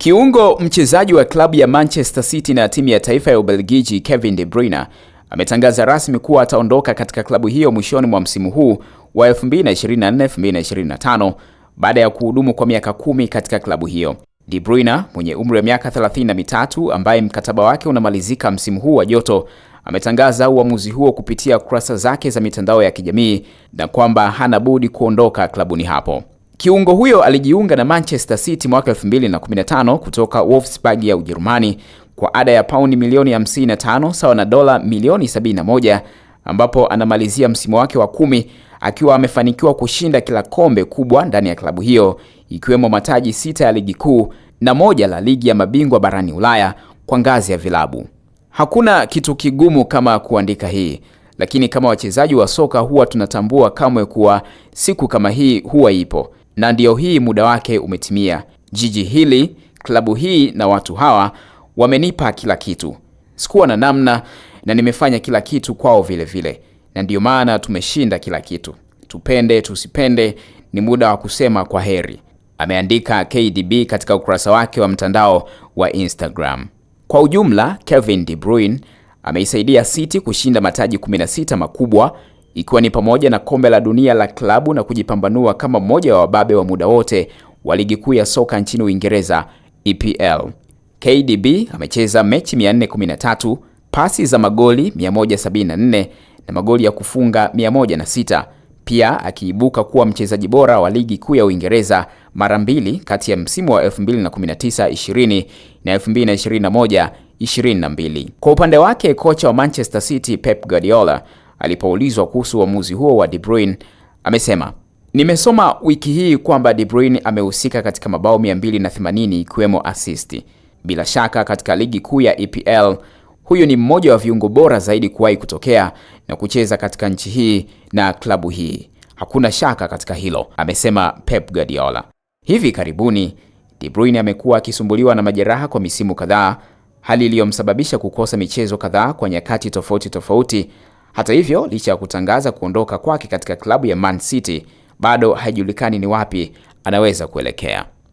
Kiungo mchezaji wa klabu ya Manchester City na timu ya taifa ya Ubelgiji Kevin De Bruyne ametangaza rasmi kuwa ataondoka katika klabu hiyo mwishoni mwa msimu huu wa 2024-2025 baada ya kuhudumu kwa miaka kumi katika klabu hiyo. De Bruyne mwenye umri wa miaka 33 ambaye mkataba wake unamalizika msimu huu wa joto ametangaza uamuzi huo kupitia kurasa zake za mitandao ya kijamii na kwamba hana budi kuondoka klabuni hapo. Kiungo huyo alijiunga na Manchester City mwaka 2015 kutoka Wolfsburg ya Ujerumani kwa ada ya pauni milioni 55 sawa na dola milioni 71 ambapo anamalizia msimu wake wa kumi akiwa amefanikiwa kushinda kila kombe kubwa ndani ya klabu hiyo ikiwemo mataji sita ya ligi kuu na moja la ligi ya mabingwa barani Ulaya kwa ngazi ya vilabu. Hakuna kitu kigumu kama kuandika hii, lakini kama wachezaji wa soka huwa tunatambua kamwe kuwa siku kama hii huwa ipo na ndiyo hii, muda wake umetimia. Jiji hili, klabu hii na watu hawa wamenipa kila kitu, sikuwa na namna, na nimefanya kila kitu kwao vile vile, na ndiyo maana tumeshinda kila kitu. Tupende tusipende, ni muda wa kusema kwa heri, ameandika KDB katika ukurasa wake wa mtandao wa Instagram. Kwa ujumla, Kevin De Bruyne ameisaidia City kushinda mataji 16 makubwa ikiwa ni pamoja na kombe la dunia la klabu na kujipambanua kama mmoja wa wababe wa muda wote wa ligi kuu ya soka nchini Uingereza EPL. KDB amecheza mechi 413, pasi za magoli 174 na magoli ya kufunga 106, pia akiibuka kuwa mchezaji bora wa ligi kuu ya Uingereza mara mbili kati ya msimu wa 2019-20 na 2021-22. Kwa upande wake kocha wa Manchester City Pep Guardiola Alipoulizwa kuhusu uamuzi huo wa De Bruyne, amesema nimesoma wiki hii kwamba De Bruyne amehusika katika mabao 280 ikiwemo assist. Bila shaka katika ligi kuu ya EPL huyu ni mmoja wa viungo bora zaidi kuwahi kutokea na kucheza katika nchi hii na klabu hii, hakuna shaka katika hilo, amesema Pep Guardiola. Hivi karibuni De Bruyne amekuwa akisumbuliwa na majeraha kwa misimu kadhaa, hali iliyomsababisha kukosa michezo kadhaa kwa nyakati tofauti tofauti, hata hivyo, licha ya kutangaza kuondoka kwake katika klabu ya Man City, bado haijulikani ni wapi anaweza kuelekea.